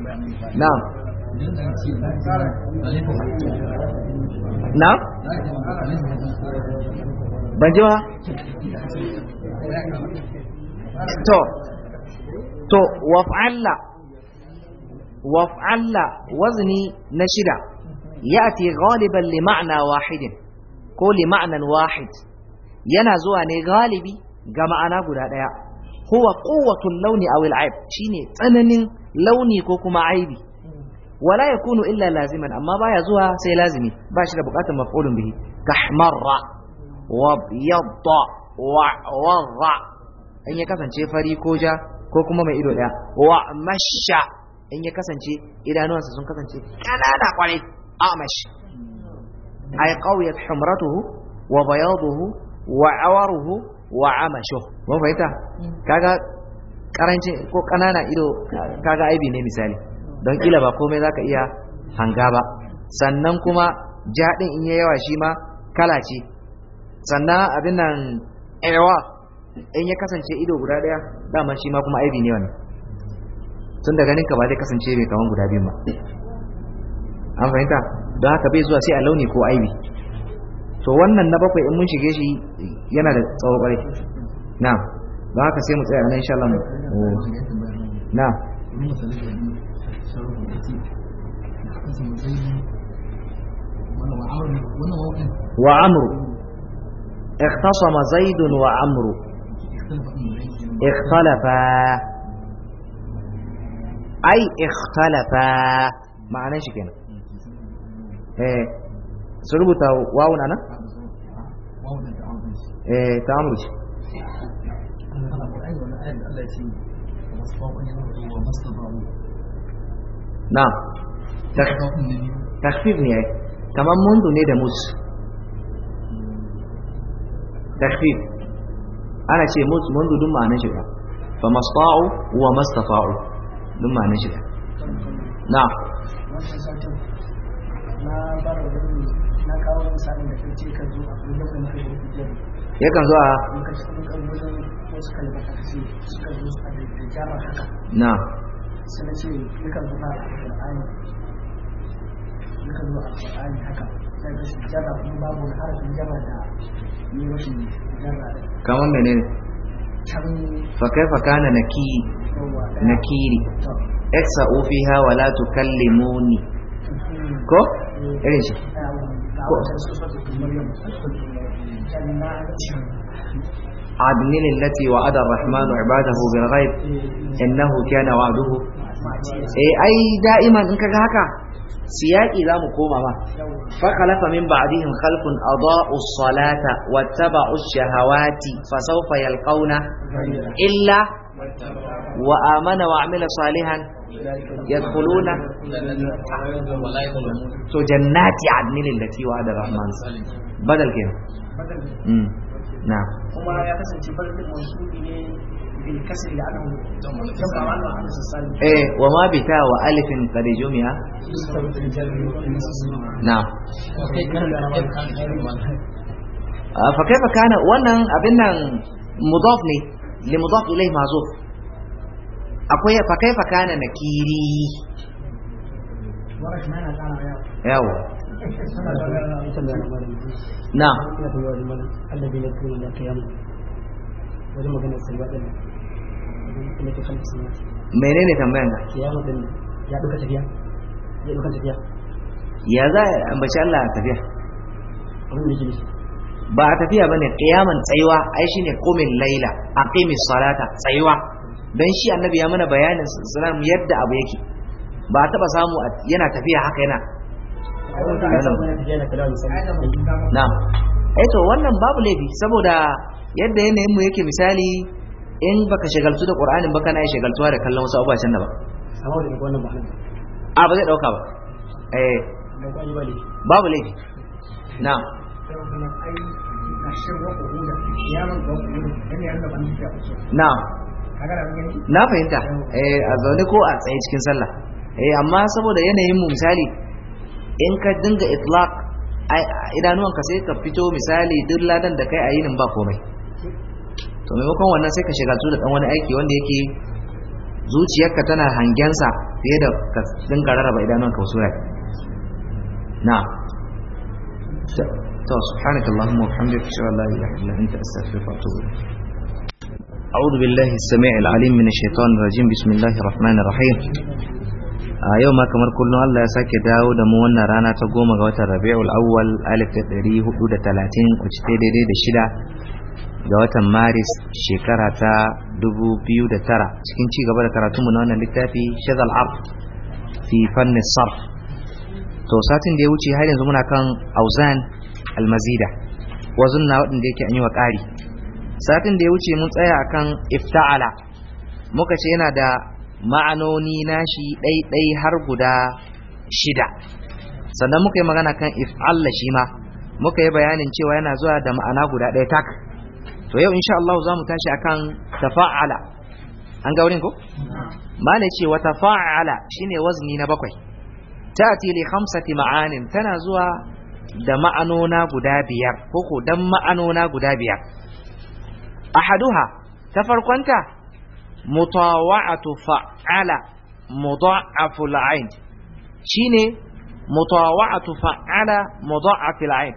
na'am na'am ba to to waf'alla waf'alla wazni na shida ya'ti ghaliban li ma'na wahidin ko li ma'nan wahid yana zuwa ne galibi ga ma'ana guda daya huwa quwwatul launi aw al'ib shine tsananin launi ko kuma aibi wala yakunu illa laziman amma baya zuwa sai lazimi ba shi da bukatar maf'ulun bihi kahmarra wa yadda wa warra in ya kasance fari ko ja ko kuma mai ido daya wa masha in ya kasance idanuwansa sun kasance kanana kwarai mashi ay qawiyat humratuhu wa bayaduhu wa awaruhu wa amashuhu mun fahimta kaga karancin ko kanana ido kaga aibi ne misali don kila ba komai zaka iya hanga ba sannan kuma jaɗin in yawa shi ma kala ce sannan abin nan ewa in ya kasance ido guda ɗaya dama shi ma kuma aibi ne wannan tun da ganin ka ba zai kasance mai kaman guda biyu ba an fahimta don haka bai zuwa sai a launi ko aibi to wannan na bakwai in mun shige shi yana da tsawo ƙwarai na'am ba haka sai mu tsaya nan insha Allah na wa amru ikhtasama zaid wa amru ikhtalafa ay ikhtalafa ma'ana shi kenan eh su rubuta wawun ana eh ta amru ayan da Allah ce na takfir ne ai kamar mundu ne da mus takfir ana ce mus mundu dun ma'anar shiga fa masfa'u wa mastafa'u dun ma'anar shiga na na yakan zuwa na sai yakan zuwa ne kamar ne fakai fakana nakiri eksa ofiha wala tukallimuni mm. ko eh. irin عدن التي وعد الرحمن عباده بالغيب إنه كان وعده إيه، أي دائما إنك هكا سياقي لا مقوم ما فخلف من بعدهم خلف أضاءوا الصلاة واتبعوا الشهوات فسوف يلقون إلا wa amana wa amila salihan yadkhuluna to jannati adnin allati wa'ada rahman badal kenan hmm. na kuma ya kasance barkin mansubi ne بالكسر لأنه جمع عنه عن السالم إيه وما بتاء وألف قد جمع نعم فكيف كان وانا ابن مضاف لي لمضاف إليه معزوف akwai ya fakai fakana na kiri yawo na wajen magana mene ne tambayan ka ya za a ambaci Allah a tafiya ba a tafiya bane kiyaman tsayiwa ai shi ne komin laila aqimi salata tsayiwa dan shi annabi ya mana bayanin salam yadda abu yake ba taba samu yana tafiya haka yana na'am eh to wannan babu laifi saboda yadda yanayin mu yake misali in baka shagaltu da qur'anin baka na shagaltuwa da kallon wasu abubuwa can da ba a ba zai dauka ba eh babu laifi na'am na'am na fahimta eh a zaune ko a tsaye cikin sallah eh amma saboda yanayin mu misali in ka dinga itlaq idanuwan ka sai ka fito misali duk ladan da kai a yinin ba komai to maimakon wannan sai ka shiga da dan wani aiki wanda yake zuciyarka tana hangensa fiye da ka dinga rarraba idanuwan ka sura na to subhanakallahumma wa bihamdika ashhadu an la ilaha illa anta astaghfiruka wa atubu ilayk أعوذ بالله السميع العليم من الشيطان الرجيم بسم الله الرحمن الرحيم a yau ma kamar kullum Allah ya sake dawo da mu wannan rana ta goma ga watan Rabi'ul Awwal 1430 daidai da shida ga watan Maris shekara ta 2009 cikin ci gaba da karatun mu na wannan littafi Shazal Arf fi fannin sarf to satin da ya wuce har yanzu muna kan auzan almazida wazun na waɗanda yake an yi wa ƙari satin da ya wuce mun tsaya akan ifta'ala muka ce yana da ma'anoni nashi ɗaiɗai har guda shida sannan muka yi magana kan if'alla shi ma muka yi bayanin cewa yana zuwa da ma'ana guda ɗaya tak to yau insha Allah za mu tashi akan tafa'ala an ga wurin ko ne ce wa tafa'ala shine wazni na bakwai ta'ti li khamsati ma'anin tana zuwa da ma'anona guda biyar ko ko dan ma'anona guda biyar ahaduha ta farkonta mutawa'atu fa'ala mudha'afu al'ain shine mutawa'atu fa'ala mudha'afu al'ain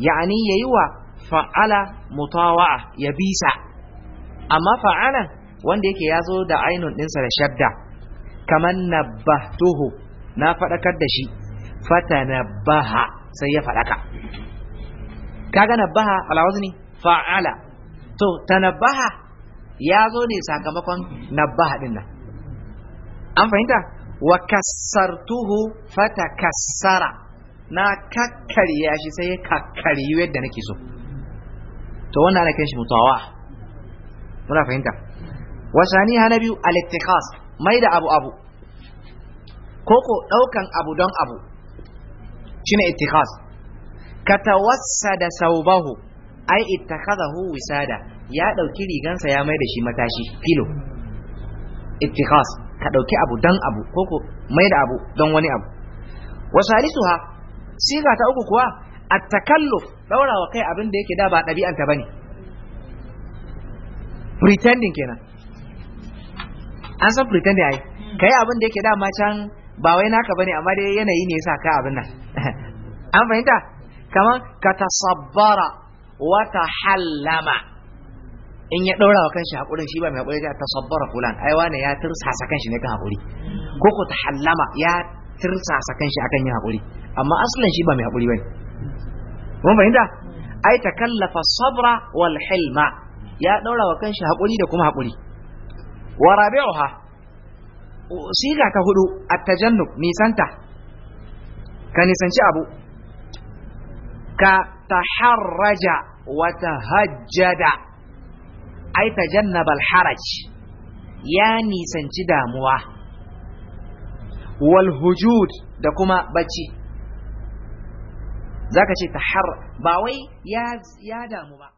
yani yayi wa fa'ala mutawa'a ya bisa amma fa'ala wanda yake yazo da ainun dinsa da shadda kaman nabbahtuhu na fadakar da shi fata fatanabbaha sai ya faɗaka, kaga nabbaha ala wazni fa'ala to ta nabaha ya zo ne sakamakon nabaha din nan an fahimta wa kassartuhu kassara na kakkarya shi sai ya yadda nake so to wannan ana kiran mutawa muna fahimta sani ha na biyu al-ittikhas mai da abu abu koko daukan abu don abu shine ittikhas ka da saubahu ai ittakhadahu wisada ya dauki rigansa ya mai da shi matashi filo ittikhas ka dauki abu dan abu koko mai da abu dan wani abu wa salisuha siga ta uku kuwa at daura wa kai abin da yake da ba ta bane pretending kenan an san pretending ai kai abin da yake da ma can ba wai naka bane amma dai yanayi ne yasa ka abin nan an fahimta kamar ka wata hallama in ya ɗaura wa kanshi haƙurin shi ba mai haƙuri ta tasabbara fulan ai wane ya tirsasa kanshi ne kan haƙuri ko ko tahallama ya tirsasa kanshi akan yin haƙuri amma asalin shi ba mai haƙuri bane mun fahimta ai takallafa sabra wal hilma ya ɗaura wa kanshi haƙuri da kuma haƙuri wa rabi'uha siga ta hudu at-tajannub nisanta ka nisanci abu ka taharraja wata hajjada, ai tajannaba haraj, ya nisanci damuwa wal hujud da kuma bacci zaka ce tahar ba wai ya damu ba